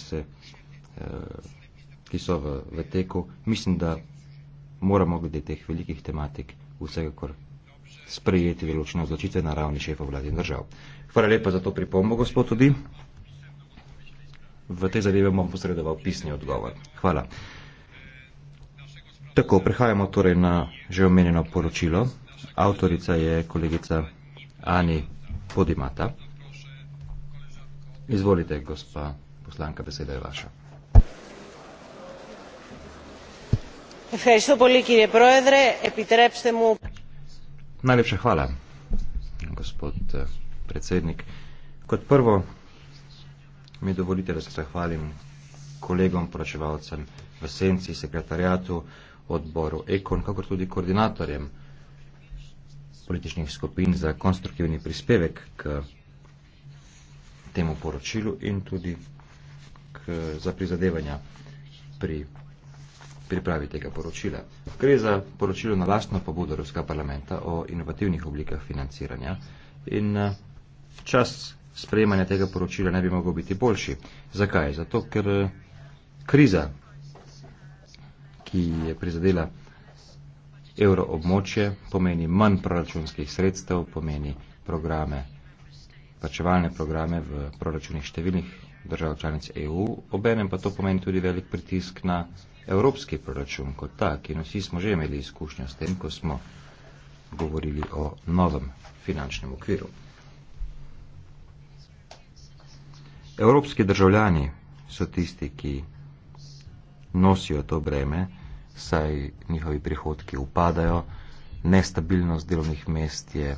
se, eh, ki so v, v teku. Mislim, da moramo glede teh velikih tematik vsekakor sprejeti veločne odločitve na ravni šefov vlad in držav. Hvala lepa za to pripombo, gospod Tudi. V te zadeve bom posredoval pisni odgovor. Hvala. Tako, prehajamo torej na že omenjeno poročilo. Avtorica je kolegica Ani Podimata. Izvolite, gospa poslanka, beseda je vaša. Najlepša hvala, gospod eh, predsednik. Kot prvo, mi dovolite, da se zahvalim kolegom, poročevalcem v senci, sekretarjatu, odboru Ekon, kakor tudi koordinatorjem političnih skupin za konstruktivni prispevek k temu poročilu in tudi k, eh, za prizadevanja pri pripravi tega poročila. Gre za poročilo na lastno pobudo Ruska parlamenta o inovativnih oblikah financiranja in eh, čas sprejemanja tega poročila ne bi mogel biti boljši. Zakaj? Zato, ker eh, kriza, ki je prizadela euroobmočje, pomeni manj proračunskih sredstev, pomeni programe, plačevalne programe v proračunih številnih držav članic EU, obenem pa to pomeni tudi velik pritisk na evropski proračun kot tak in vsi smo že imeli izkušnjo s tem, ko smo govorili o novem finančnem okviru. Evropski državljani so tisti, ki nosijo to breme, saj njihovi prihodki upadajo, nestabilnost delovnih mest je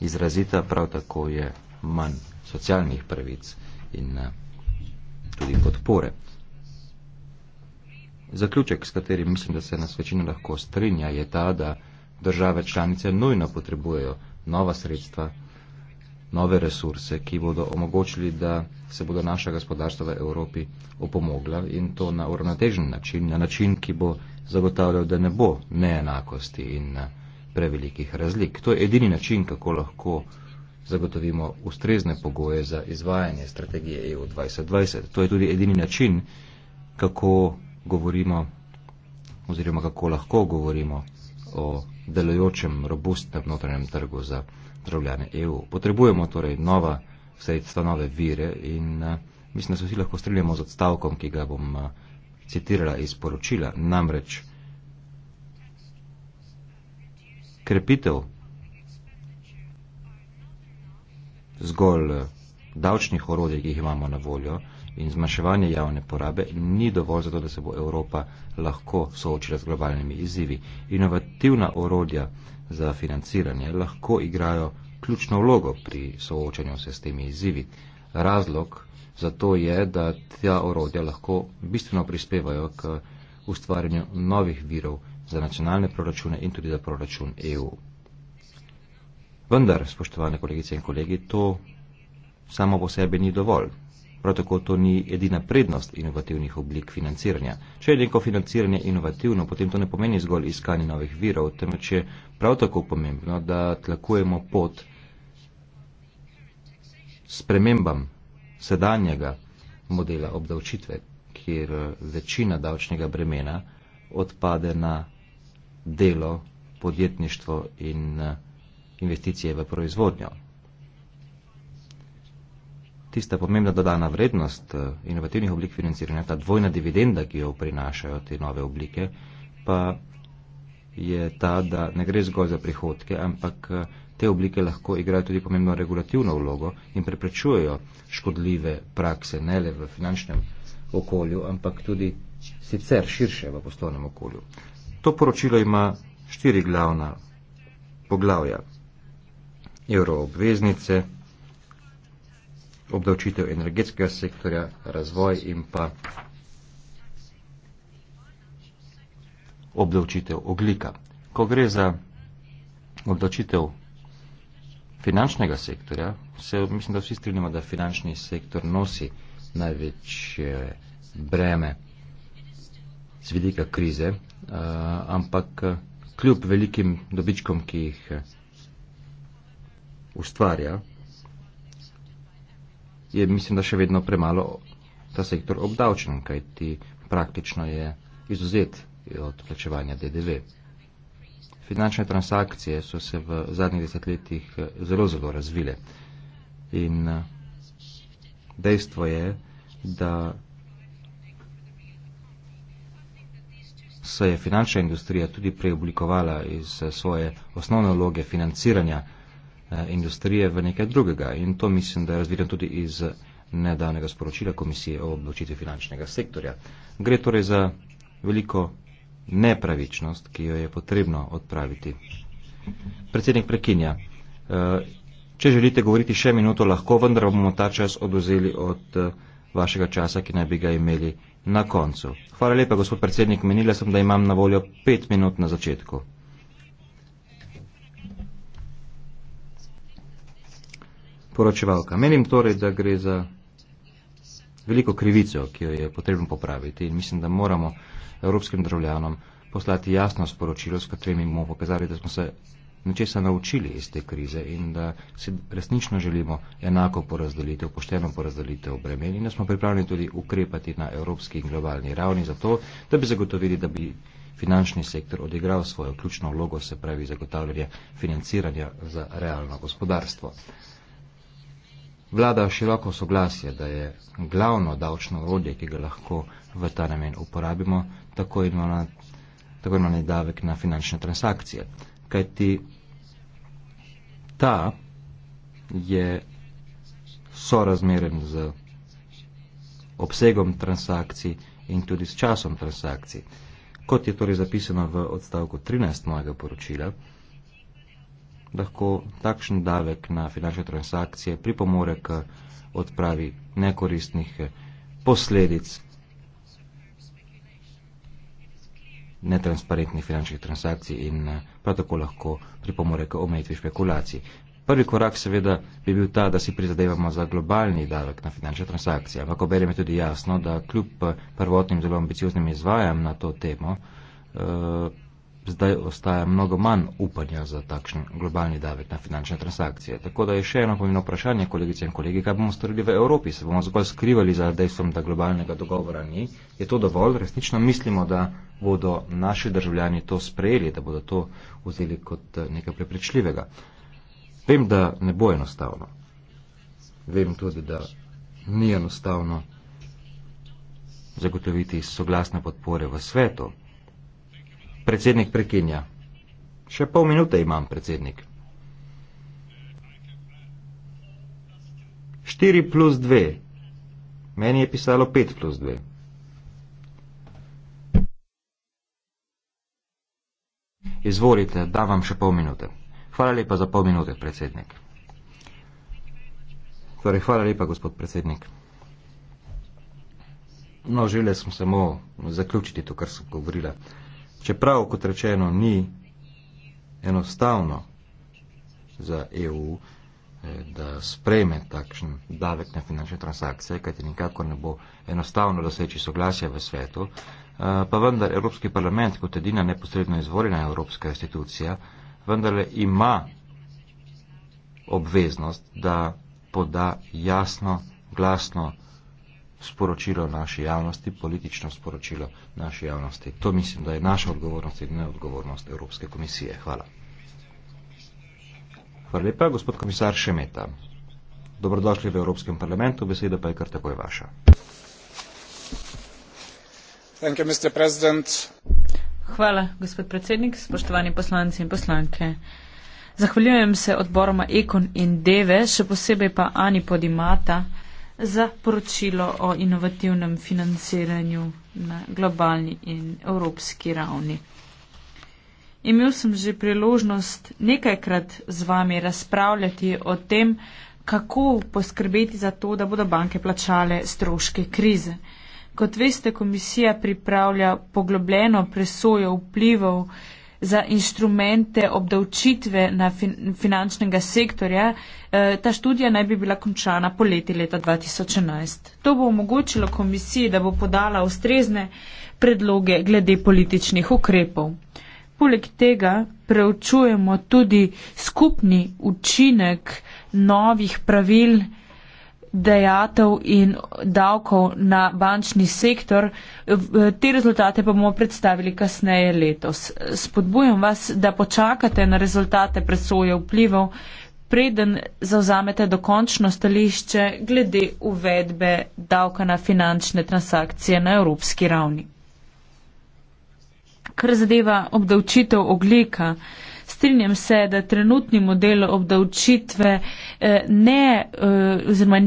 izrazita, prav tako je manj socialnih pravic in eh, tudi podpore. Zaključek, s katerim mislim, da se nas večina lahko strinja, je ta, da države članice nujno potrebujejo nova sredstva, nove resurse, ki bodo omogočili, da se bodo naša gospodarstva v Evropi opomogla in to na uravnotežen način, na način, ki bo zagotavljal, da ne bo neenakosti in prevelikih razlik. To je edini način, kako lahko zagotovimo ustrezne pogoje za izvajanje strategije EU 2020. To je tudi edini način, kako govorimo oziroma kako lahko govorimo o delojočem, robustnem notranjem trgu za državljane EU. Potrebujemo torej nova sredstva, nove vire in eh, mislim, da se vsi lahko strinjamo z odstavkom, ki ga bom eh, citirala iz poročila. Namreč krepitev zgolj eh, davčnih orodij, ki jih imamo na voljo in zmanjševanje javne porabe ni dovolj za to, da se bo Evropa lahko soočila z globalnimi izzivi. Inovativna orodja za financiranje lahko igrajo ključno vlogo pri soočanju se s temi izzivi. Razlog za to je, da ta orodja lahko bistveno prispevajo k ustvarjanju novih virov za nacionalne proračune in tudi za proračun EU. Vendar, spoštovane kolegice in kolegi, to samo po sebi ni dovolj. Prav tako to ni edina prednost inovativnih oblik financiranja. Če je neko financiranje inovativno, potem to ne pomeni zgolj iskanje novih virov, temveč je prav tako pomembno, da tlakujemo pot spremembam sedanjega modela obdavčitve, kjer večina davčnega bremena odpade na delo, podjetništvo in investicije v proizvodnjo. Tista pomembna dodana vrednost eh, inovativnih oblik financiranja, ta dvojna dividenda, ki jo prinašajo te nove oblike, pa je ta, da ne gre zgolj za prihodke, ampak eh, te oblike lahko igrajo tudi pomembno regulativno vlogo in preprečujejo škodljive prakse ne le v finančnem okolju, ampak tudi sicer širše v poslovnem okolju. To poročilo ima štiri glavna poglavja evro obveznice, obdavčitev energetskega sektorja, razvoj in pa obdavčitev oglika. Ko gre za obdavčitev finančnega sektorja, se mislim, da vsi strinjamo, da finančni sektor nosi največje breme z vidika krize, eh, ampak eh, kljub velikim dobičkom, ki jih eh, ustvarja, je mislim, da še vedno premalo ta sektor obdavčen, kajti praktično je izuzet od plačevanja DDV. Finančne transakcije so se v zadnjih desetletjih eh, zelo, zelo razvile in eh, dejstvo je, da se je finančna industrija tudi preoblikovala iz eh, svoje osnovne vloge financiranja Eh, industrije v nekaj drugega. In to mislim, da je razviden tudi iz nedavnega sporočila Komisije o obločitvi finančnega sektorja. Gre torej za veliko nepravičnost, ki jo je potrebno odpraviti. Predsednik prekinja. Eh, če želite govoriti še minuto, lahko vendar bomo ta čas oduzeli od eh, vašega časa, ki naj bi ga imeli na koncu. Hvala lepa, gospod predsednik. Menila sem, da imam na voljo pet minut na začetku. poročevalka. Menim torej, da gre za veliko krivico, ki jo je potrebno popraviti in mislim, da moramo evropskim državljanom poslati jasno sporočilo, s katerim jim bomo pokazali, da smo se nečesa naučili iz te krize in da si resnično želimo enako porazdelitev, pošteno porazdelitev bremen in da smo pripravljeni tudi ukrepati na evropski in globalni ravni za to, da bi zagotovili, da bi finančni sektor odigral svojo ključno vlogo, se pravi zagotavljanje financiranja za realno gospodarstvo vlada široko soglasje, da je glavno davčno orodje, ki ga lahko v ta namen uporabimo, tako imenovani davek na finančne transakcije. Kajti ta je sorazmeren z obsegom transakcij in tudi s časom transakcij. Kot je torej zapisano v odstavku 13 mojega poročila, lahko takšen davek na finančne transakcije pripomore k odpravi nekoristnih eh, posledic netransparentnih finančnih transakcij in eh, prav tako lahko pripomore k omejitvi špekulacij. Prvi korak seveda bi bil ta, da si prizadevamo za globalni davek na finančne transakcije, ampak oberem je tudi jasno, da kljub eh, prvotnim zelo ambicioznim izvajam na to temo, uh, zdaj ostaja mnogo manj upanja za takšen globalni davek na finančne transakcije. Tako da je še eno pomembno vprašanje, kolegice in kolegi, kaj bomo storili v Evropi? Se bomo zgolj skrivali za dejstvom, da globalnega dogovora ni? Je to dovolj? Resnično mislimo, da bodo naši državljani to sprejeli, da bodo to vzeli kot eh, nekaj preprečljivega. Vem, da ne bo enostavno. Vem tudi, da ni enostavno zagotoviti soglasne podpore v svetu, predsednik prekinja. Še pol minute imam, predsednik. 4 plus 2. Meni je pisalo 5 plus 2. Izvolite, da vam še pol minute. Hvala lepa za pol minute, predsednik. Torej, hvala lepa, gospod predsednik. No, želel sem samo zaključiti to, kar sem govorila. Čeprav, kot rečeno, ni enostavno za EU, eh, da sprejme takšen davek na finančne transakcije, kajti nikako ne bo enostavno doseči soglasja v svetu, eh, pa vendar Evropski parlament kot edina neposredno izvoljena evropska institucija vendarle ima obveznost, da poda jasno, glasno, sporočilo naši javnosti, politično sporočilo naši javnosti. To mislim, da je naša odgovornost in neodgovornost Evropske komisije. Hvala. Hvala lepa, gospod komisar Šemeta. Dobrodošli v Evropskem parlamentu, beseda pa je kar takoj vaša. Thank you, Mr. President. Hvala, gospod predsednik, spoštovani poslanci in poslanke. Zahvaljujem se odboroma Ekon in Deve, še posebej pa Ani Podimata, za poročilo o inovativnem financiranju na globalni in evropski ravni. Imel sem že priložnost nekajkrat z vami razpravljati o tem, kako poskrbeti za to, da bodo banke plačale stroške krize. Kot veste, komisija pripravlja poglobljeno presojo vplivov za instrumente obdavčitve na fin finančnega sektorja. E, ta študija naj bi bila končana poleti leta 2011. To bo omogočilo komisiji, da bo podala ustrezne predloge glede političnih ukrepov. Poleg tega preučujemo tudi skupni učinek novih pravil dejatev in davkov na bančni sektor. Te rezultate pa bomo predstavili kasneje letos. Spodbujam vas, da počakate na rezultate presoje vplivov, preden zauzamete dokončno stališče glede uvedbe davka na finančne transakcije na evropski ravni. Kar zadeva obdavčitev oglika, strinjam se, da trenutni model obdavčitve eh, ne eh, oziroma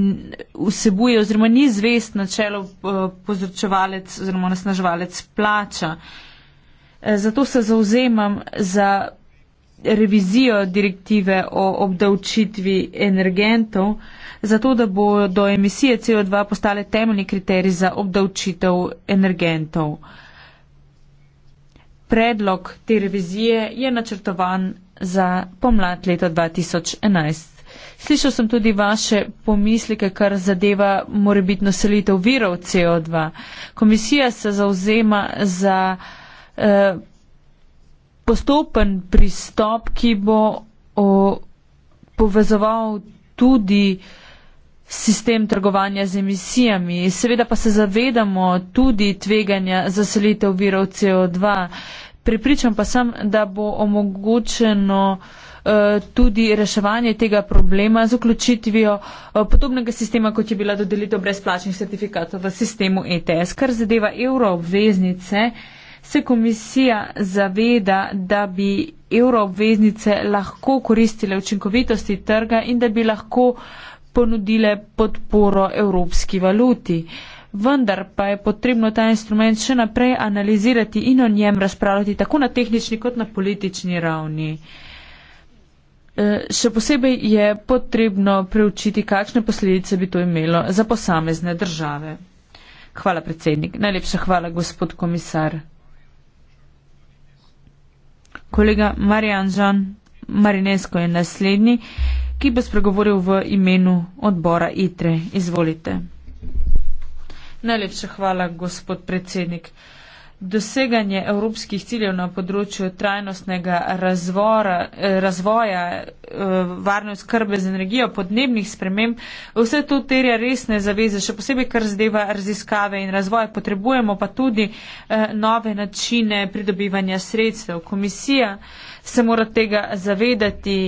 vsebuje oziroma ni zvest načelo eh, pozročevalec oziroma nasnaževalec plača. Zato se zauzemam za revizijo direktive o obdavčitvi energentov, zato da bo do emisije CO2 postale temeljni kriterij za obdavčitev energentov. Predlog te revizije je načrtovan za pomlad leta 2011. Slišal sem tudi vaše pomislike, kar zadeva morebitno selitev virov CO2. Komisija se zauzema za eh, postopen pristop, ki bo o, povezoval tudi eh, sistem trgovanja z emisijami. Seveda pa se zavedamo tudi tveganja za selitev virov CO2. Pripričam pa sem, da bo omogočeno eh, tudi reševanje tega problema z vključitvijo eh, podobnega sistema, kot je bila dodelitev brezplačnih certifikatov v sistemu ETS. Kar zadeva euroobveznice, se komisija zaveda, da bi euroobveznice lahko koristile učinkovitosti trga in da bi lahko uh, ponudile podporo evropski valuti. Vendar pa je potrebno ta instrument še naprej analizirati in o njem razpravljati tako na tehnični kot na politični ravni. E, še posebej je potrebno preučiti, kakšne posledice bi to imelo za posamezne države. Hvala, predsednik. Najlepša hvala, gospod komisar. Kolega Marijan Žan Marinesko je naslednji ki bo spregovoril v imenu odbora ITRE. Izvolite. Najlepša hvala, gospod predsednik. Doseganje evropskih ciljev na področju trajnostnega razvora, eh, razvoja, eh, varne skrbe z energijo, podnebnih sprememb, vse to terja resne zaveze, še posebej kar zdeva raziskave in razvoje. Potrebujemo pa tudi eh, nove načine pridobivanja sredstev. Komisija se mora tega zavedati.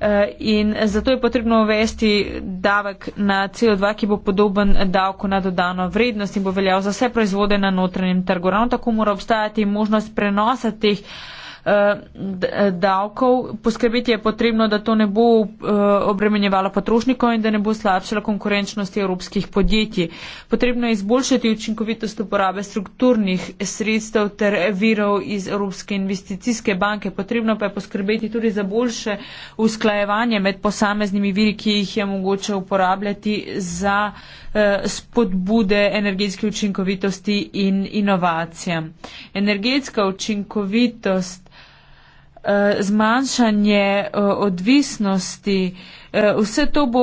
Eh, in zato je potrebno uvesti davek na CO2, ki bo podoben davku na dodano vrednost in bo veljal za vse proizvode na notranjem trgu. Ravno tako mora obstajati možnost prenosa teh uh, Eh, davkov. Poskrbeti je potrebno, da to ne bo eh, obremenjevalo potrošnikov in da ne bo slabšalo konkurenčnosti evropskih podjetij. Potrebno je izboljšati učinkovitost uporabe strukturnih sredstev ter virov iz Evropske investicijske banke. Potrebno pa je poskrbeti tudi za boljše usklajevanje med posameznimi viri, ki jih je mogoče uporabljati za eh, spodbude energetske učinkovitosti in inovacijam. Energetska učinkovitost Eh, zmanjšanje eh, odvisnosti. Eh, vse to bo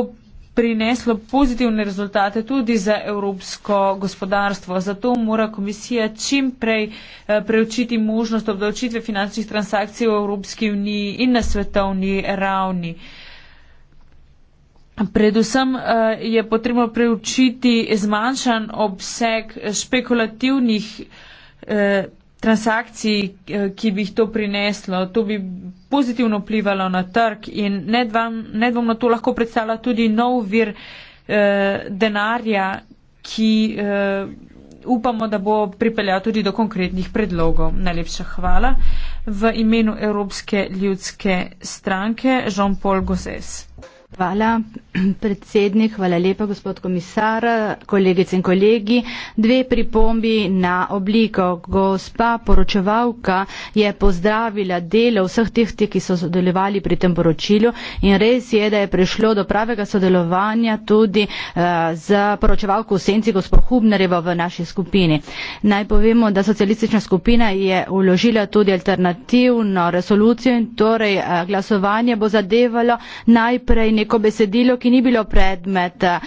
prineslo pozitivne rezultate tudi za evropsko gospodarstvo. Zato mora komisija čim prej preučiti možnost obdavčitve finančnih transakcij v Evropski uniji in na svetovni ravni. Predvsem je potrebno preučiti zmanjšan obseg špekulativnih transakciji, eh, ki bi jih to prineslo. To bi pozitivno vplivalo na trg in nedvomno to lahko predstavlja tudi nov vir eh, denarja, ki eh, upamo, da bo pripeljal tudi do konkretnih predlogov. Najlepša hvala v imenu Evropske ljudske stranke Jean-Paul Gozes. Hvala, predsednik, hvala lepa, gospod komisar, kolegice in kolegi. Dve pripombi na obliko. Gospa poročevalka je pozdravila delo vseh tih, tih, ki so sodelovali pri tem poročilu in res je, da je prišlo do pravega sodelovanja tudi eh, z poročevalko v senci gospod Hubnerjevo v naši skupini. Naj povemo, da socialistična skupina je uložila tudi alternativno resolucijo in torej eh, glasovanje bo zadevalo najprej neko besedilo, ki ni bilo predmet eh,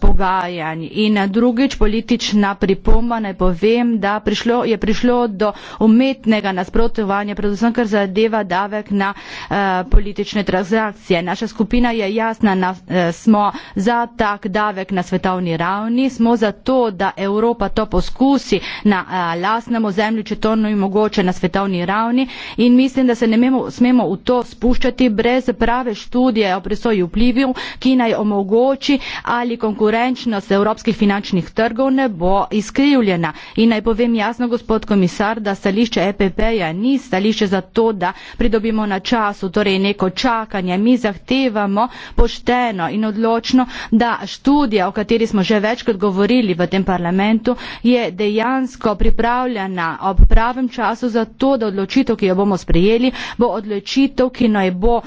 pogajanj. In eh, drugič, politična pripomba, naj povem, da prišlo, je prišlo do umetnega nasprotovanja, predvsem kar zadeva davek na eh, politične transakcije. Naša skupina je jasna, na, smo za tak davek na svetovni ravni, smo za to, da Evropa to poskusi na lastnem ozemlju, če to ni mogoče na svetovni ravni in mislim, da se ne smemo v to spuščati brez prave študije o presoji vplivu, ki naj omogoči, ali konkurenčnost evropskih finančnih trgov ne bo izkrivljena. In naj povem jasno, gospod komisar, da stališče EPP-ja ni stališče za to, da pridobimo na času, torej neko čakanje. Mi zahtevamo pošteno in odločno, da študija, o kateri smo že večkrat govorili v tem parlamentu, je dejansko pripravljena ob pravem času za to, da odločitev, ki jo bomo sprejeli, bo odločitev, ki naj bo uh,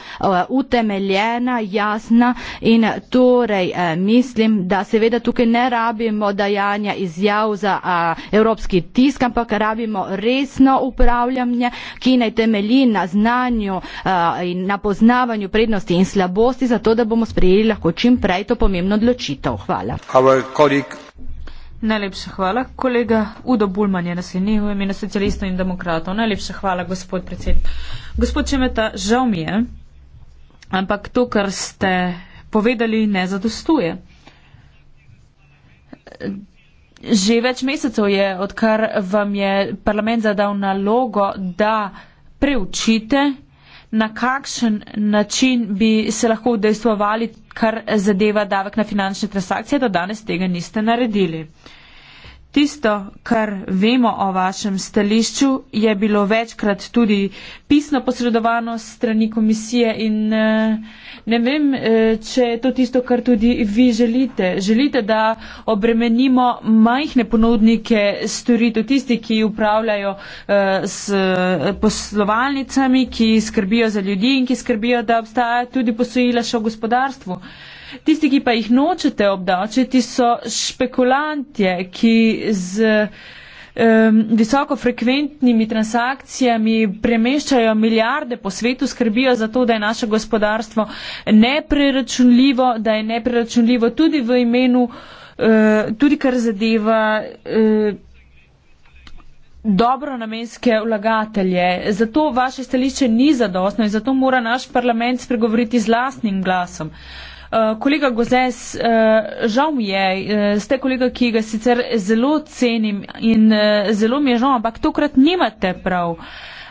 utemeljena. Ja, jasna in torej eh, mislim, da seveda tukaj ne rabimo dajanja izjav za a, evropski tisk, ampak rabimo resno upravljanje, ki naj temelji na znanju a, in na poznavanju prednosti in slabosti, zato da bomo sprejeli lahko čim prej to pomembno odločitev. Hvala. Najlepša hvala. Kolega Udo Bulman je naslednji v imenu socialistov in demokratov. Najlepša hvala, gospod predsednik. Gospod Čemeta, žal mi je, ampak to, kar ste povedali, ne zadostuje. Že več mesecev je, odkar vam je parlament zadal nalogo, da preučite, na kakšen način bi se lahko udejstvovali, kar zadeva davek na finančne transakcije, da danes tega niste naredili. Tisto, kar vemo o vašem stališču, je bilo večkrat tudi pisno posredovano strani komisije in eh, ne vem, eh, če je to tisto, kar tudi vi želite. Želite, da obremenimo majhne ponudnike storitev, tisti, ki upravljajo eh, s poslovalnicami, ki skrbijo za ljudi in ki skrbijo, da obstaja tudi posojila še v gospodarstvu. Tisti, ki pa jih nočete obdavčiti, so špekulantje, ki z um, visokofrekventnimi transakcijami premeščajo milijarde po svetu, skrbijo za to, da je naše gospodarstvo nepreračunljivo, da je nepreračunljivo tudi v imenu, uh, tudi kar zadeva. Uh, eh, dobro namenske vlagatelje. Zato vaše stališče ni zadostno in zato mora naš parlament spregovoriti z lastnim glasom. Uh, Eh, kolega Gozes, uh, žal mi je, uh, ste kolega, ki ga sicer zelo cenim in uh, zelo mi je žal, ampak tokrat nimate prav.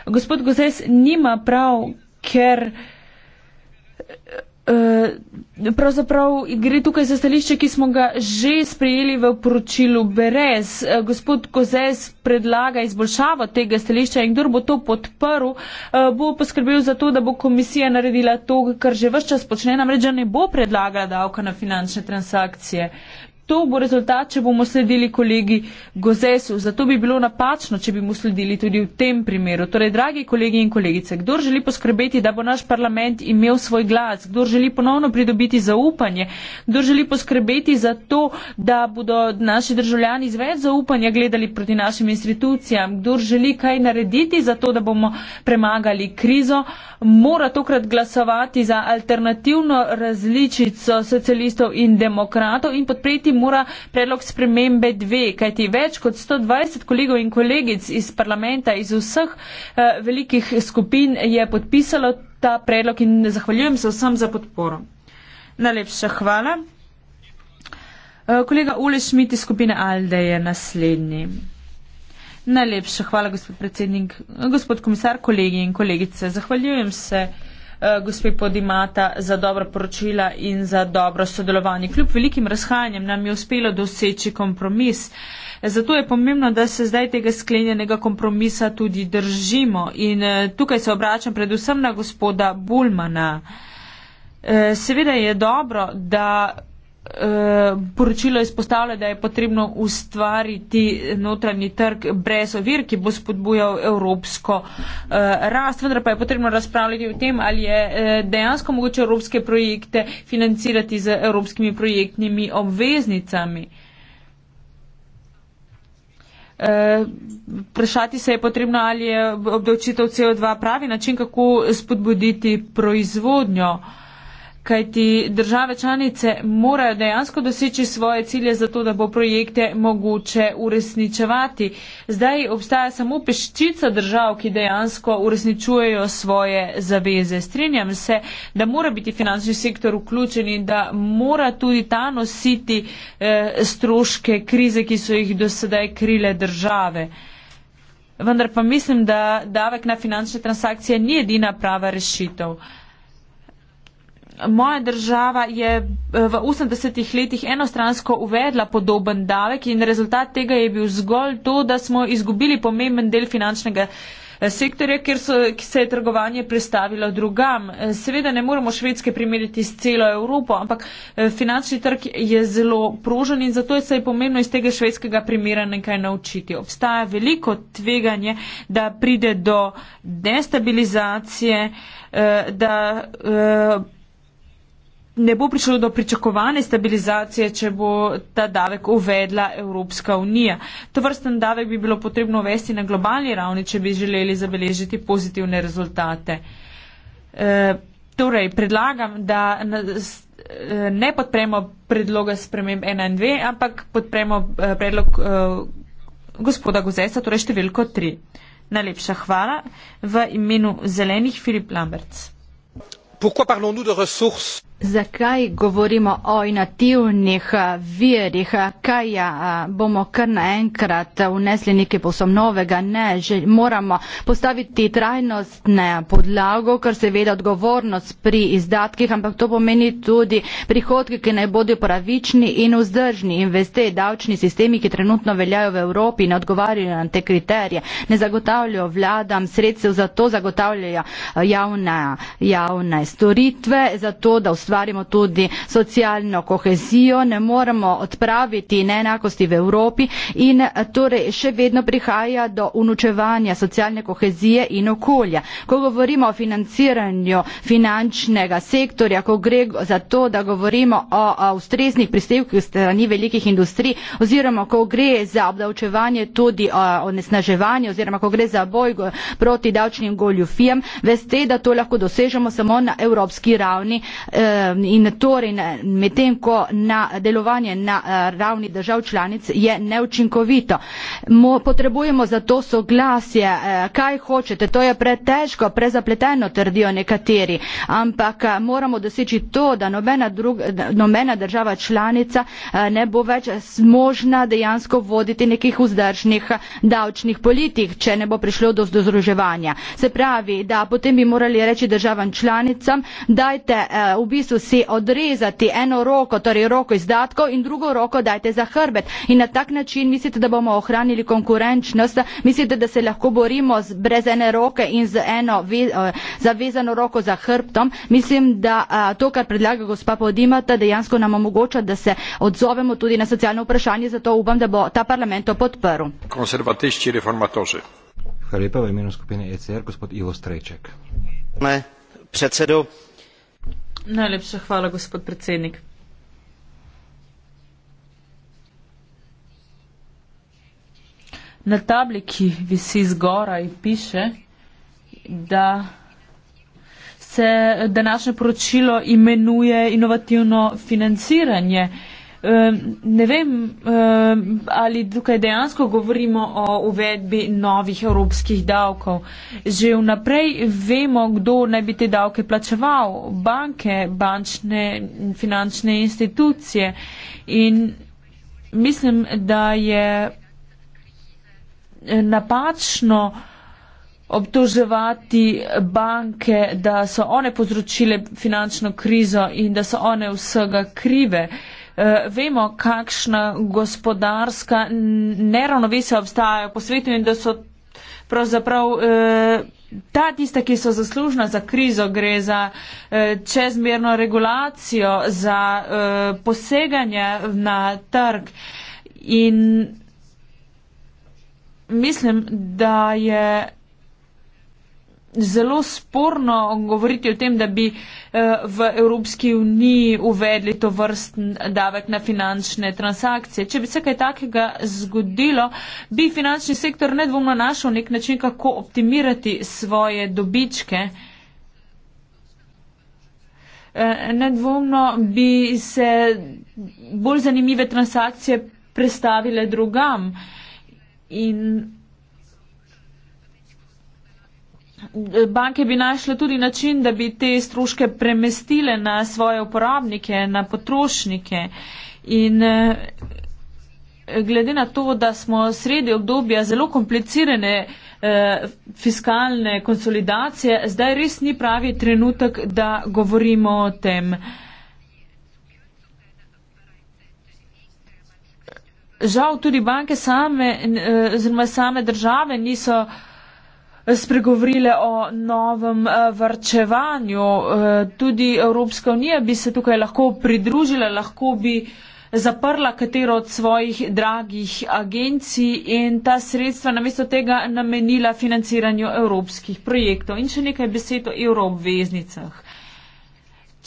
Gospod Gozes nima prav, ker. Uh, Eh, pravzaprav gre tukaj za stališče, ki smo ga že sprejeli v poročilu Berez. Eh, gospod Kozes predlaga izboljšavo tega stališča in kdor bo to podprl, eh, bo poskrbel za to, da bo komisija naredila to, kar že vse čas počne, namreč, da ne bo predlagala davka na finančne transakcije to bo rezultat, če bomo sledili kolegi Gozesu. Zato bi bilo napačno, če bi mu sledili tudi v tem primeru. Torej, dragi kolegi in kolegice, kdo želi poskrbeti, da bo naš parlament imel svoj glas, kdo želi ponovno pridobiti zaupanje, kdo želi poskrbeti za to, da bodo naši državljani z več zaupanja gledali proti našim institucijam, kdo želi kaj narediti za to, da bomo premagali krizo, mora tokrat glasovati za alternativno različico socialistov in demokratov in podpreti mora predlog spremembe dve, kajti več kot 120 kolegov in kolegic iz parlamenta iz vseh eh, velikih skupin je podpisalo ta predlog in zahvaljujem se vsem za podporo. Najlepša hvala. Eh, kolega Ule Šmit iz skupine Alde je naslednji. Najlepša hvala, gospod predsednik, gospod komisar, kolegi in kolegice. Zahvaljujem se. Eh, gospe Podimata za dobro poročila in za dobro sodelovanje. Kljub velikim razhajanjem nam je uspelo doseči kompromis. Zato je pomembno, da se zdaj tega sklenjenega kompromisa tudi držimo. In eh, tukaj se obračam predvsem na gospoda Bulmana. Eh, seveda je dobro, da Eh, poročilo izpostavlja, da je potrebno ustvariti notranji trg brez ovir, ki bo spodbujal evropsko eh, rast, vendar pa je potrebno razpravljati o tem, ali je eh, dejansko mogoče evropske projekte financirati z evropskimi projektnimi obveznicami. Prašati se je potrebno, ali je obdavčitev CO2 pravi način, kako spodbuditi proizvodnjo kaj ti države članice morajo dejansko doseči svoje cilje za to, da bo projekte mogoče uresničevati. Zdaj obstaja samo peščica držav, ki dejansko uresničujejo svoje zaveze. Strinjam se, da mora biti finančni sektor vključen in da mora tudi ta nositi eh, stroške krize, ki so jih do sedaj krile države. Vendar pa mislim, da davek na finančne transakcije ni edina prava rešitev moja država je eh, v 80-ih letih enostransko uvedla podoben davek in rezultat tega je bil zgolj to, da smo izgubili pomemben del finančnega eh, sektorja, kjer so, ki se je trgovanje predstavilo drugam. Eh, seveda ne moremo Švedske primeriti s celo Evropo, ampak finančni trg je zelo prožen in zato je se je pomembno iz tega švedskega primera nekaj naučiti. Obstaja veliko tveganje, da pride do destabilizacije, da ne bo prišlo do pričakovane stabilizacije, če bo ta davek uvedla Evropska unija. To vrsten davek bi bilo potrebno uvesti na globalni ravni, če bi želeli zabeležiti pozitivne rezultate. E, torej, predlagam, da e, ne podpremo predloga spremem 1 in 2, ampak podpremo e, predlog e, gospoda Gozesa, torej številko 3. Najlepša hvala v imenu zelenih Filip Lamberts. Pourquoi parlons-nous de ressources Zakaj govorimo o inativnih eh, virih, kaj eh, bomo kar naenkrat vnesli nekaj povsem novega? Ne, že moramo postaviti trajnostne podlago, kar seveda odgovornost pri izdatkih, ampak to pomeni tudi prihodke, ki naj bodo pravični in vzdržni. Investe, davčni sistemi, ki trenutno veljajo v Evropi, ne odgovarjajo na te kriterije, ne zagotavljajo vladam sredstev, zato zagotavljajo eh, javne, javne storitve, zato da vse ustvarimo tudi socialno kohezijo, ne moramo odpraviti neenakosti v Evropi in eh, torej še vedno prihaja do unučevanja socialne kohezije in okolja. Ko govorimo o financiranju finančnega sektorja, ko gre za to, da govorimo o ustreznih pristevkih strani velikih industrij oziroma ko gre za obdavčevanje tudi onesnaževanja oziroma ko gre za boj proti davčnim goljufijam, veste, da to lahko dosežemo samo na evropski ravni. E, in torej medtem, ko na delovanje na eh, ravni držav članic je neučinkovito. Mo, potrebujemo za to soglasje, eh, kaj hočete, to je pretežko, prezapleteno, trdijo nekateri, ampak eh, moramo doseči to, da nobena, drug, nobena država članica ne bo več možna dejansko voditi nekih vzdržnih davčnih politik, če ne bo prišlo do združevanja. Se pravi, da potem bi morali reči državam članicam, dajte v bistvu smislu si odrezati eno roko, torej roko izdatkov in drugo roko dajte za hrbet. In na tak način mislite, da bomo ohranili konkurenčnost, mislite, da se lahko borimo z, brez ene roke in z eno ve, eh, zavezano roko za hrbtom. Mislim, da a, eh, to, kar predlaga gospa Podimata, dejansko nam omogoča, da se odzovemo tudi na socialno vprašanje, zato upam, da bo ta parlament to podprl. Konservatišči reformatoři. Hvala lepa v imenu skupine ECR, gospod Ivo Streček. Ne, predsedo, Najlepša hvala, gospod predsednik. Na tabli, ki visi zgoraj, piše, da se današnje poročilo imenuje inovativno financiranje ne vem, ali tukaj dejansko govorimo o uvedbi novih evropskih davkov. Že vnaprej vemo, kdo naj bi te davke plačeval. Banke, bančne, finančne institucije. In mislim, da je napačno obtoževati banke, da so one povzročile finančno krizo in da so one vsega krive. Uh, Eh, vemo, kakšna gospodarska neravnovesja obstajajo po svetu in da so pravzaprav eh, ta tista, ki so zaslužna za krizo, gre za eh, čezmerno regulacijo, za poseganje na trg. In mislim, da je zelo sporno govoriti o tem, da bi eh, v Evropski uniji uvedli to vrstni davek na finančne transakcije. Če bi se kaj takega zgodilo, bi finančni sektor nedvomno našel nek način, kako optimirati svoje dobičke. Eh, nedvomno bi se bolj zanimive transakcije prestavile drugam. In Banke bi našle tudi način, da bi te stroške premestile na svoje uporabnike, na potrošnike. In eh, glede na to, da smo sredi obdobja zelo komplicirane eh, fiskalne konsolidacije, zdaj res ni pravi trenutek, da govorimo o tem. Žal tudi banke same, eh, oziroma same države niso eh, spregovorile o novem eh, varčevanju. Eh, tudi Evropska unija bi se tukaj lahko pridružila, lahko bi zaprla katero od svojih dragih agencij in ta sredstva namesto tega namenila financiranju evropskih projektov. In še nekaj besed o evroobveznicah.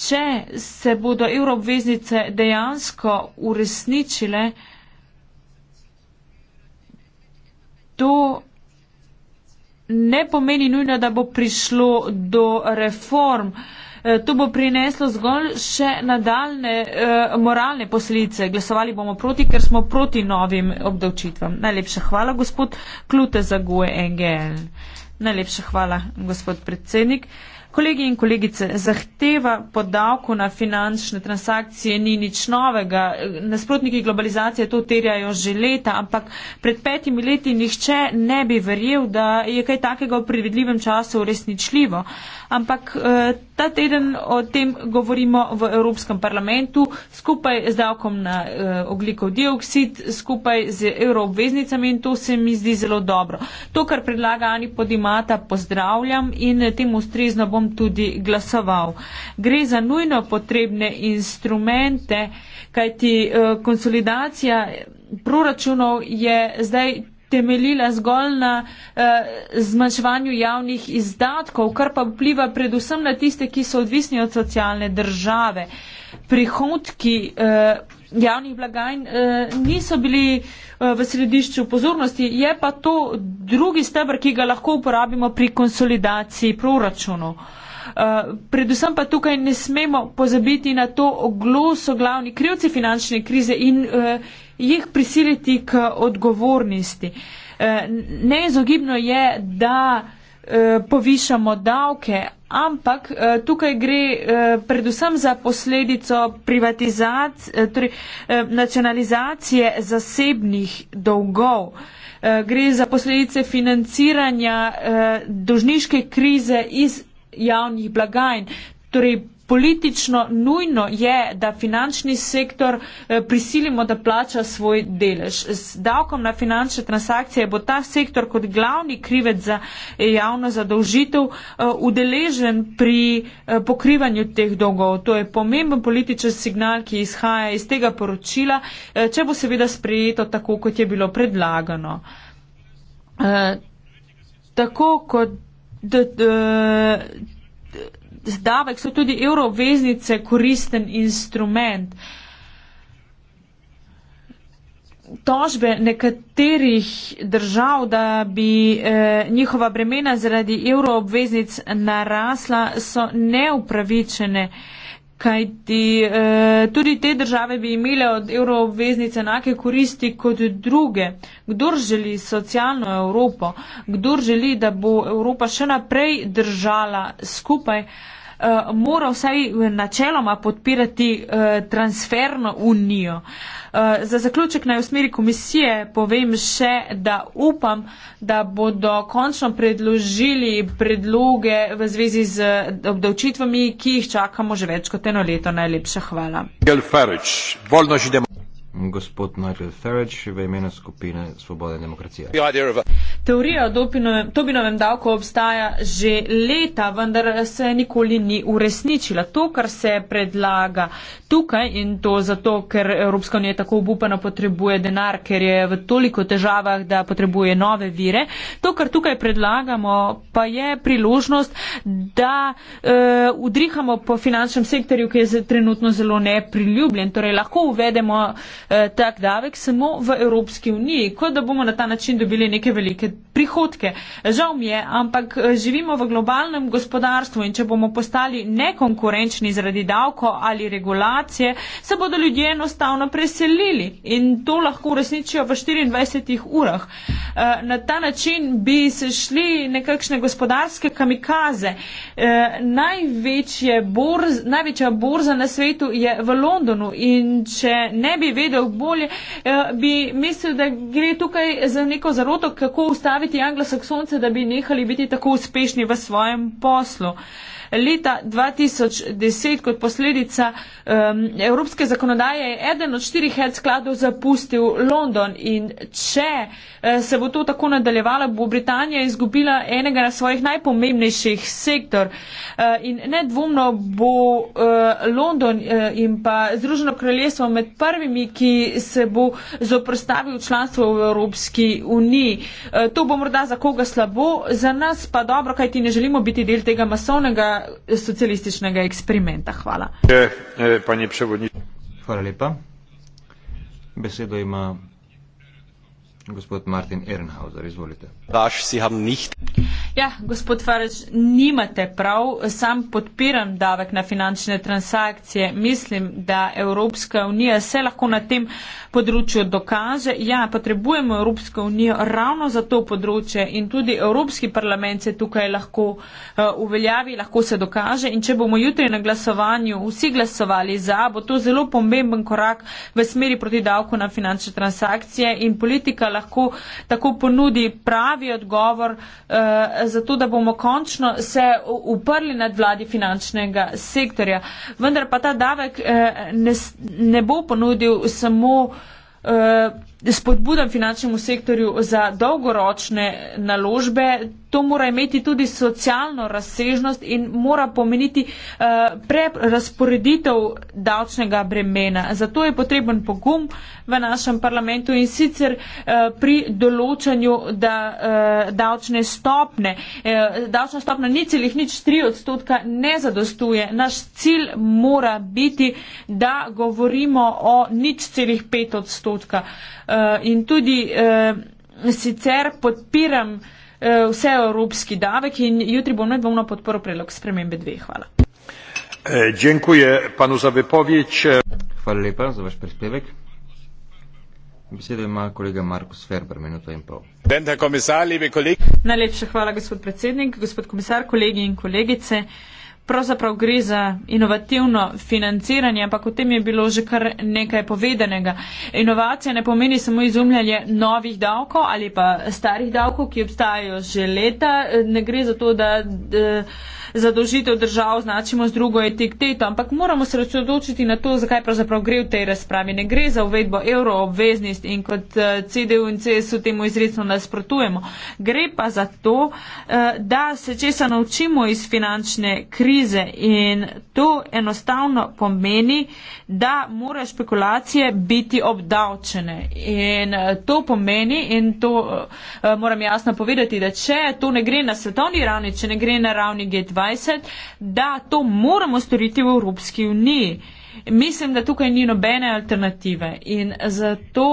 Če se bodo evroobveznice dejansko uresničile, to ne pomeni nujno, da bo prišlo do reform. E, to bo prineslo zgolj še nadaljne eh, moralne posledice. Glasovali bomo proti, ker smo proti novim obdavčitvam. Najlepša hvala, gospod Klute za GUE NGL. Najlepša hvala, gospod predsednik. Kolegi in kolegice, zahteva po davku na finančne transakcije ni nič novega. Nasprotniki globalizacije to terjajo že leta, ampak pred petimi leti nihče ne bi verjel, da je kaj takega v predvidljivem času resničljivo. Ampak eh, ta teden o tem govorimo v Evropskem parlamentu skupaj z davkom na eh, oglikov dioksid, skupaj z euroobveznicami in to se mi zdi zelo dobro. To, kar predlaga Ani Podimata, pozdravljam in temu ustrezno bom bom tudi glasoval. Gre za nujno potrebne instrumente, kajti eh, konsolidacija proračunov je zdaj temeljila zgolj na eh, zmanjševanju javnih izdatkov, kar pa vpliva predvsem na tiste, ki so odvisni od socialne države. Prihodki eh, javnih blagajn eh, niso bili eh, v središču pozornosti. Je pa to drugi stebr, ki ga lahko uporabimo pri konsolidaciji proračunov. Eh, predvsem pa tukaj ne smemo pozabiti na to, oglo so glavni krivci finančne krize in jih prisiliti k odgovornosti. Neizogibno je, da Eh, povišamo davke, ampak eh, tukaj gre eh, predvsem za posledico torej, nacionalizacije zasebnih dolgov. Gre za posledice financiranja dožniške krize iz javnih blagajn. Torej, politično nujno je, da finančni sektor eh, prisilimo, da plača svoj delež. Z davkom na finančne transakcije bo ta sektor kot glavni krivec za eh, javno zadolžitev eh, udeležen pri pokrivanju teh dolgov. To je pomemben političen signal, ki izhaja iz tega poročila, če bo seveda sprejeto tako, kot je bilo predlagano. Tako kot davek, so tudi euroveznice koristen instrument. Tožbe nekaterih držav, da bi eh, njihova bremena zaradi euroobveznic narasla, so neupravičene. Eh, kajti eh, tudi te države bi imele od euroobveznice enake koristi kot druge. Kdor želi socialno Evropo, kdor želi, da bo Evropa še naprej držala skupaj, eh, Eh, mora vsaj načeloma podpirati eh, transferno unijo. Eh, za zaključek naj v smeri komisije povem še, da upam, da bodo končno predložili predloge v zvezi z obdavčitvami, ki jih čakamo že več kot eno leto. Najlepša hvala gospod Michael Farage v imenu skupine Svobode in demokracije. Teorija o dopinovem, Tobinovem davku obstaja že leta, vendar se nikoli ni uresničila. To, kar se predlaga tukaj in to zato, ker Evropska unija tako obupano potrebuje denar, ker je v toliko težavah, da potrebuje nove vire, to, kar tukaj predlagamo, pa je priložnost, da uh, udrihamo po finančnem sektorju, ki je trenutno zelo nepriljubljen. Torej, lahko uvedemo uh, Eh, tak davek samo v Evropski uniji, kot da bomo na ta način dobili neke velike prihodke. Žal mi je, ampak eh, živimo v globalnem gospodarstvu in če bomo postali nekonkurenčni zaradi davko ali regulacije, se bodo ljudje enostavno preselili in to lahko uresničijo v 24 urah. Eh, na ta način bi se šli nekakšne gospodarske kamikaze. Borz, največja borza na svetu je v Londonu in če ne bi vedel, razmišljal bolje, eh, bi mislil, da gre tukaj za neko zaroto, kako ustaviti anglosaksonce, da bi nehali biti tako uspešni v svojem poslu. Uh, leta 2010 kot posledica um, evropske zakonodaje je eden od štirih hec skladov zapustil London in če eh, se bo to tako nadaljevalo, bo Britanija izgubila enega na svojih najpomembnejših sektor eh, in nedvomno bo eh, London in pa Združeno kraljestvo med prvimi, ki se bo zoprstavil članstvo v Evropski uniji. To bo morda za koga slabo, za nas pa dobro, kajti ne želimo biti del tega masovnega socialističnega eksperimenta. Hvala. Eh, eh, Hvala lepa. Besedo ima Gospod Martin Ehrenhauser, izvolite. Vaš si ham niht. Ja, gospod Farač, nimate prav. Sam podpiram davek na finančne transakcije. Mislim, da Evropska unija se lahko na tem področju dokaže. Ja, potrebujemo Evropsko unijo ravno za to področje in tudi Evropski parlament se tukaj lahko eh, uveljavi, lahko se dokaže. In če bomo jutri na glasovanju vsi glasovali za, bo to zelo pomemben korak v smeri proti davku na finančne transakcije in politika lahko lahko tako ponudi pravi odgovor, eh, zato da bomo končno se uprli nad vladi finančnega sektorja. Vendar pa ta davek eh, ne bo ponudil samo eh, spodbudam finančnemu sektorju za dolgoročne naložbe, to mora imeti tudi socialno razsežnost in mora pomeniti eh, prerasporeditev davčnega bremena. Zato je potreben pogum v našem parlamentu in sicer eh, pri določanju da, eh, davčne stopne. Davčna stopna ni celih nič 3 odstotka ne zadostuje. Naš cilj mora biti, da govorimo o nič celih 5 odstotka. Uh, Eh, in tudi uh, sicer podpiram uh, vse evropski davek in jutri bom nedvomno podporil predlog spremembe dve. Hvala. Dziękuję panu za wypowiedź. Chwała lepa za wasz przyspiewek. Besedę ma kolega Markus Ferber, minuta i pół. Komisar, liebe kolegi. Najlepsze chwała, gospod predsednik, gospod komisar, kolegi i kolegice pravzaprav gre za inovativno financiranje, ampak o tem je bilo že kar nekaj povedanega. Inovacija ne pomeni samo izumljanje novih davkov ali pa starih davkov, ki obstajajo že leta. Ne gre za to, da. da zadožitev držav označimo z drugo etiketo, ampak moramo se razsredotočiti na to, zakaj pravzaprav gre v tej razpravi. Ne gre za uvedbo evro obveznosti in kot eh, CDU in CSU temu izredno nasprotujemo. Gre pa za to, eh, da se česa naučimo iz finančne krize in to enostavno pomeni, da morajo špekulacije biti obdavčene. In eh, to pomeni, in to moram jasno povedati, da če to ne gre na svetovni ravni, če ne gre na ravni G2, 2020, da to moramo storiti v Evropski uniji. Mislim, da tukaj ni nobene alternative in zato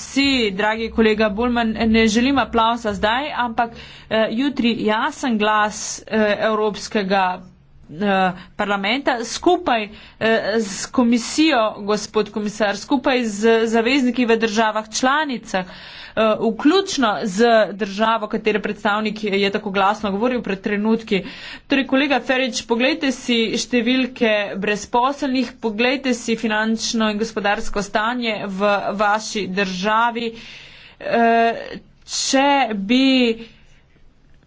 si, dragi kolega Bulman, ne želim aplausa zdaj, ampak eh, jutri jasen glas eh, Evropskega parlamenta. Eh, parlamenta skupaj z eh, komisijo, gospod komisar, skupaj z zavezniki v državah članicah, eh, vključno z državo, katere predstavnik je tako glasno govoril pred trenutki. Torej, kolega Ferič, pogledajte si številke brezposelnih, pogledajte si finančno in gospodarsko stanje v vaši državi. Če bi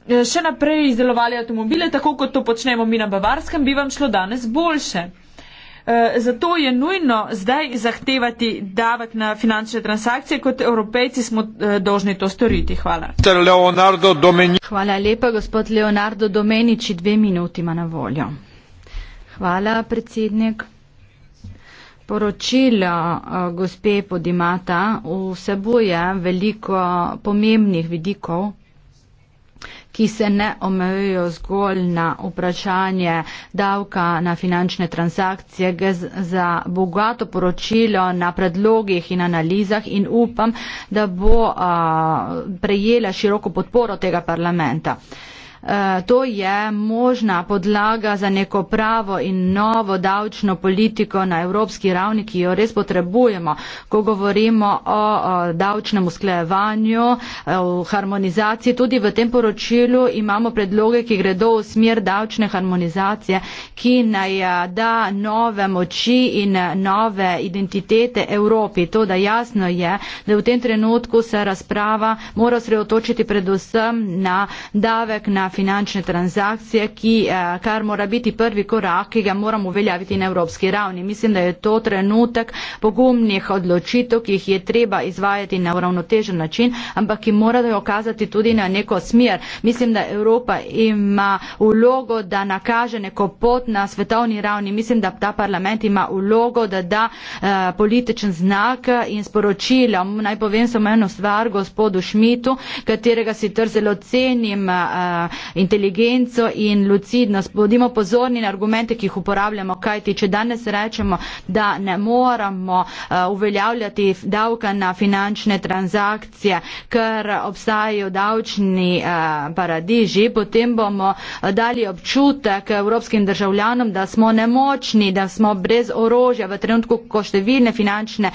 še naprej izdelovali avtomobile, tako kot to počnemo mi na Bavarskem, bi vam šlo danes boljše. E, zato je nujno zdaj zahtevati davek na finančne transakcije, kot evropejci smo e, dožni to storiti. Hvala. Hvala lepa, gospod Leonardo Domeniči, dve minuti ima na voljo. Hvala, predsednik. Poročilo e, gospe Podimata vsebuje veliko pomembnih vidikov ki se ne omejujo zgolj na vprašanje davka na finančne transakcije, gre za bogato poročilo na predlogih in analizah in upam, da bo a, prejela široko podporo tega parlamenta. Eh, to je možna podlaga za neko pravo in novo davčno politiko na evropski ravni, ki jo res potrebujemo, ko govorimo o davčnem usklejevanju, eh, o harmonizaciji. Tudi v tem poročilu imamo predloge, ki gredo v smer davčne harmonizacije, ki naj eh, da nove moči in nove identitete Evropi. To, da jasno je, da v tem trenutku se razprava mora sredotočiti predvsem na davek na finančne transakcije, ki, eh, kar mora biti prvi korak, ki ga moramo uveljaviti na evropski ravni. Mislim, da je to trenutek pogumnih odločitev, ki jih je treba izvajati na uravnotežen način, ampak ki morajo okazati tudi na neko smer. Mislim, da Evropa ima vlogo, da nakaže neko pot na svetovni ravni. Mislim, da ta parlament ima vlogo, da da uh, političen znak in sporočila. Naj povem samo eno stvar gospodu Šmitu, katerega si trzelo cenim. Uh, inteligenco in lucidnost. Bodimo pozorni na argumente, ki jih uporabljamo, kajti če danes rečemo, da ne moramo eh, uveljavljati davka na finančne transakcije, ker obstajajo davčni eh, paradiži, potem bomo eh, dali občutek evropskim državljanom, da smo nemočni, da smo brez orožja v trenutku, ko številne finančne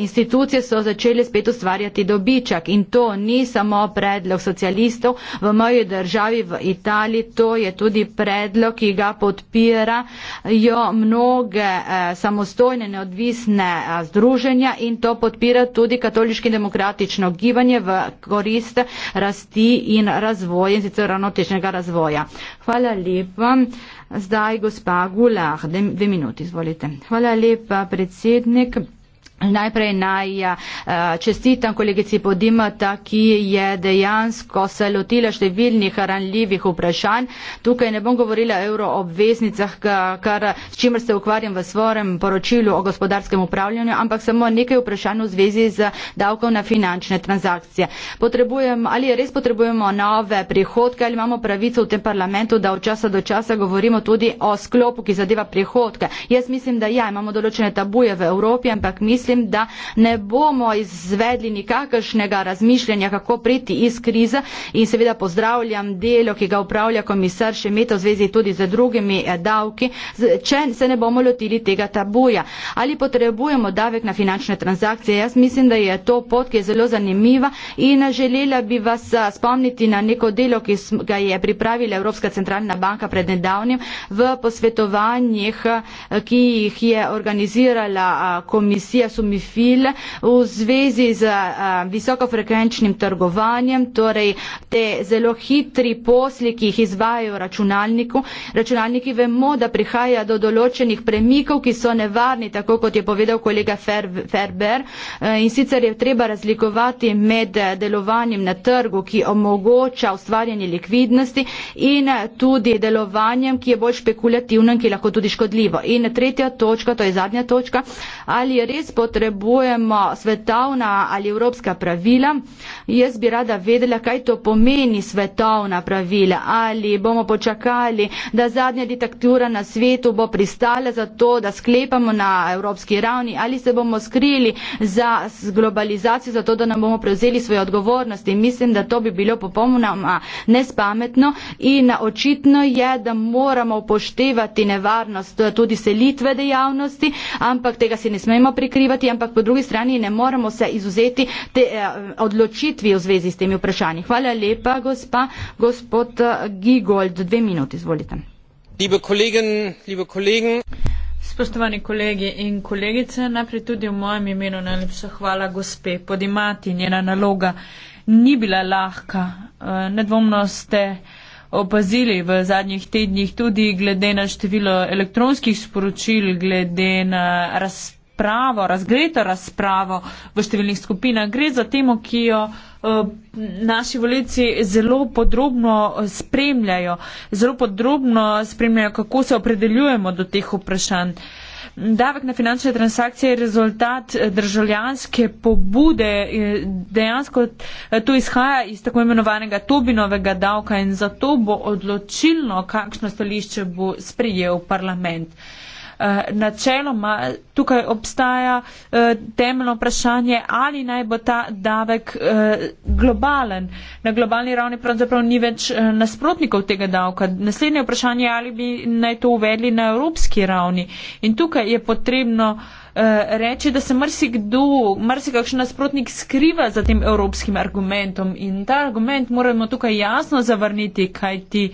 institucije so začele spet ustvarjati dobiček. In to ni samo predlog socialistov v moji državi državi v Italiji. To je tudi predlog, ki ga podpirajo mnoge eh, samostojne neodvisne eh, združenja in to podpira tudi katoliški demokratično gibanje v korist rasti in razvoja in sicer ravnotežnega razvoja. Hvala lepa. Zdaj, gospa Gulah, dve minuti, izvolite. Hvala lepa, predsednik. Najprej naj eh, čestitam kolegici Podimata, ki je dejansko se lotila številnih ranljivih vprašanj. Tukaj ne bom govorila o obveznicah, kar, s čimer se ukvarjam v svojem poročilu o gospodarskem upravljanju, ampak samo nekaj vprašanj v zvezi z davkom na finančne transakcije. Potrebujem, ali res potrebujemo nove prihodke, ali imamo pravico v tem parlamentu, da od časa do časa govorimo tudi o sklopu, ki zadeva prihodke. Jaz mislim, da ja, imamo določene tabuje v Evropi, ampak mislim, mislim, da ne bomo izvedli nikakršnega razmišljanja, kako priti iz krize in seveda pozdravljam delo, ki ga upravlja komisar Šemeta v zvezi tudi z drugimi eh, davki, če se ne bomo lotili tega tabuja. Ali potrebujemo davek na finančne transakcije? Jaz mislim, da je to pot, ki je zelo zanimiva in eh, želela bi vas eh, spomniti na neko delo, ki ga je pripravila Evropska centralna banka pred nedavnim v posvetovanjih, ki jih je organizirala komisija mifil v zvezi z a, visokofrekvenčnim trgovanjem, torej te zelo hitri posli, ki jih izvajajo računalniku. Računalniki vemo, da prihaja do določenih premikov, ki so nevarni, tako kot je povedal kolega Fer, Ferber. E, in sicer je treba razlikovati med e, delovanjem na trgu, ki omogoča ustvarjanje likvidnosti in e, tudi delovanjem, ki je bolj špekulativno in ki je lahko tudi škodljivo. In tretja točka, to je zadnja točka, ali je res potrebno potrebujemo svetovna ali evropska pravila. Jaz bi rada vedela, kaj to pomeni svetovna pravila. Ali bomo počakali, da zadnja diktatura na svetu bo pristala za to, da sklepamo na evropski ravni, ali se bomo skrili za globalizacijo, za to, da nam bomo prevzeli svoje odgovornosti. Mislim, da to bi bilo popolnoma nespametno in očitno je, da moramo upoštevati nevarnost tudi selitve dejavnosti, ampak tega si ne smemo prikrivati zavedati, ampak po drugi strani ne moramo se izuzeti te eh, odločitvi v zvezi s temi vprašanji. Hvala lepa, gospa, gospod eh, Gigold. Dve minuti, izvolite. Liebe kolegen, liebe kolegen. Spoštovani kolegi in kolegice, najprej tudi v mojem imenu najlepša hvala gospe Podimati. Njena naloga ni bila lahka. Eh, nedvomno ste opazili v zadnjih tednih tudi glede na število elektronskih sporočil, glede na razpravljanje razpravo, razgreto razpravo v številnih skupinah. Gre za temo, ki jo eh, naši voljivci zelo podrobno eh, spremljajo, zelo podrobno spremljajo, kako se opredeljujemo do teh vprašanj. Davek na finančne transakcije je rezultat eh, državljanske pobude. Dejansko to izhaja iz tako imenovanega Tobinovega davka in zato bo odločilno, kakšno stališče bo sprijel parlament. Uh, Eh, načeloma tukaj obstaja eh, temeljno vprašanje, ali naj bo ta davek eh, globalen. Na globalni ravni pravzaprav ni več nasprotnikov tega davka. Naslednje vprašanje je, ali bi naj to uvedli na evropski ravni. In tukaj je potrebno reči, da se marsikdo, marsikakšen nasprotnik skriva za tem evropskim argumentom in ta argument moramo tukaj jasno zavrniti, kaj ti.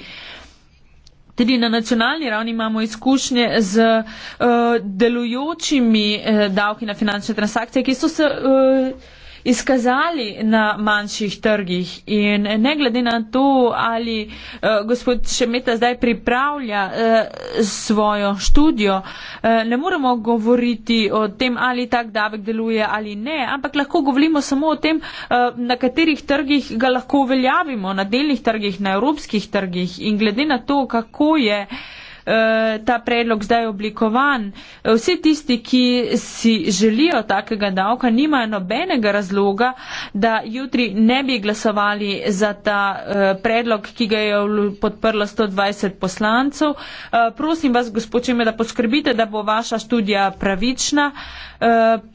Tudi na nacionalni ravni imamo izkušnje z uh, delujočimi uh, davki na finančne transakcije, ki so se. Uh, izkazali na manjših trgih in ne glede na to, ali eh, gospod Šemeta zdaj pripravlja eh, svojo študijo, eh, ne moremo govoriti o tem, ali tak davek deluje ali ne, ampak lahko govorimo samo o tem, eh, na katerih trgih ga lahko uveljavimo, na delnih trgih, na evropskih trgih in glede na to, kako je eh, Eh, ta predlog zdaj oblikovan. Vsi tisti, ki si želijo takega davka, nimajo nobenega razloga, da jutri ne bi glasovali za ta eh, predlog, ki ga je podprlo 120 poslancev. Eh, prosim vas, gospod Čeme, da poskrbite, da bo vaša študija pravična.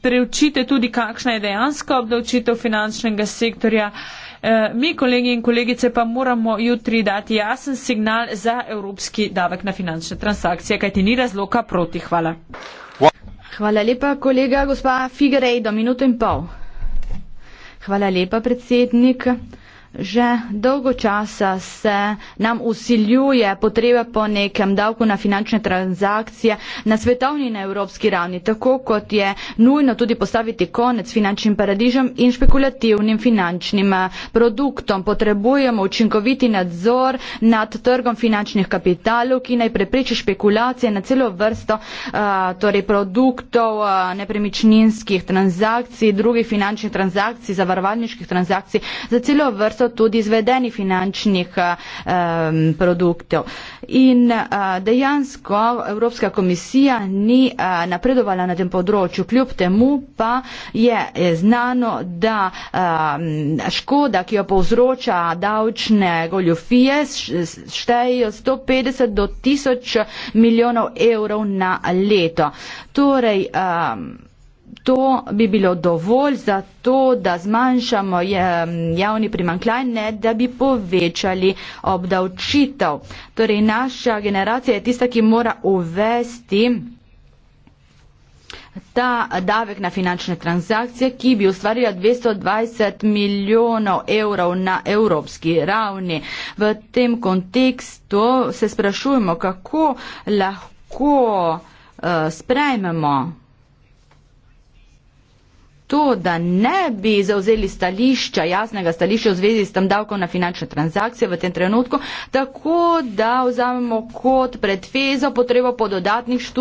Preučite tudi, kakšna je dejansko obdavčitev finančnega sektorja. Eh, mi, kolegi in kolegice, pa moramo jutri dati jasen signal za evropski davek na finančne transakcije, kajti ni razloka proti. Hvala. Hvala lepa, kolega, gospa Figerej, do minuto in pol. Hvala lepa, predsednik. Že dolgo časa se nam usiljuje potreba po nekem davku na finančne transakcije na svetovni in evropski ravni, tako kot je nujno tudi postaviti konec finančnim paradižem in špekulativnim finančnim eh, produktom. Potrebujemo učinkoviti nadzor nad trgom finančnih kapitalov, ki naj prepriči špekulacije na celo vrsto eh, torej produktov, eh, nepremičninskih transakcij, drugih finančnih transakcij, zavarovalniških transakcij, za celo vrsto so tudi izvedeni finančnih um, produktov. In uh, dejansko Evropska komisija ni uh, napredovala na tem področju, kljub temu pa je, je znano, da um, škoda, ki jo povzroča davčne goljofije, štejejo 150 do 1000 milijonov evrov na leto. Torej, um, to bi bilo dovolj za to, da zmanjšamo javni primankljaj, ne da bi povečali obdavčitev. Torej, naša generacija je tista, ki mora uvesti ta davek na finančne transakcije, ki bi ustvarila 220 milijonov evrov na evropski ravni. V tem kontekstu se sprašujemo, kako lahko uh, sprejmemo to, da ne bi zauzeli stališča, jasnega stališča v zvezi s tem davkom na finančne transakcije v tem trenutku, tako da vzamemo kot predfezo potrebo po dodatnih študijah.